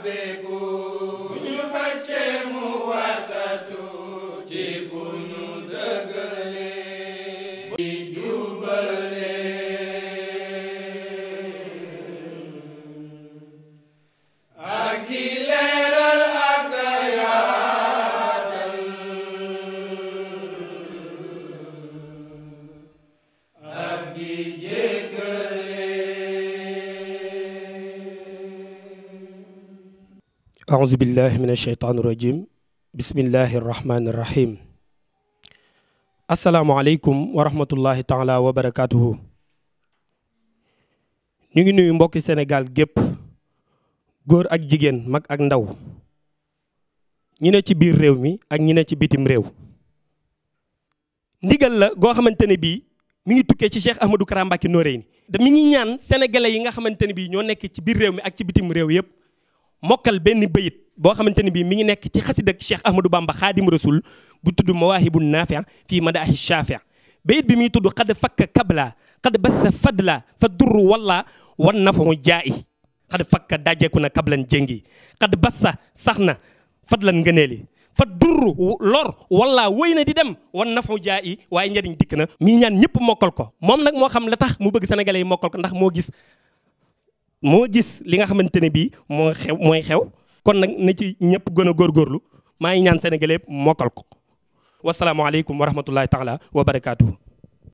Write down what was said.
sàbbeeku bu ñu xàccee mu waatatu ci bu nu dëggalee ci jubalee ak di leeral ak yaatal ak di أعوذ بالله من الشيطان الرجيم بسم الله الرحمن الرحيم السلام عليكم ورحمة الله تعالى وبركاته نيجي نيجي مبوكي سنغال جيب غور أك جيجين مك أك نداو نينا تي بير ريومي أك نينا تي بيتم ريو ndigal la go xamantene bi mi ngi tukke ci cheikh amadou karambaki noreyni da mi ngi ñaan sénégalais yi nga xamantene bi ño nekk ci biir réew mi ak ci bitim réew yépp mokkal benn bayit boo xamante ni bii mi ngi nekk ci xasida Cheikh Ahmadou Bamba Xaadim Rasul bu tudd Mawaahibu Naafi' fii Madaahi Shaafi' bayit bi muy tudd xad fakka kabla xad bassa fadla fa durru walla wan nafahu jaa'i xad fakka dajeeku na kablan jéngi xad bassa sax na fadlan ngëneeli fa durru lor wala wéy na di dem wan nafu jaa yi waaye njariñ dikk na muy ñaan ñëpp mokkal ko moom nag moo xam la tax mu bëgg sénégalais yi mokkal ko ndax moo gis moo gis li nga xamante ne bii moo xew mooy xew kon nag na ci ñëpp gën a góorgóorlu maa ngi ñaan Sénégalais yëpp mokkal ko wasalaamualeykum wa rahmatullahi taala wa barakaatu.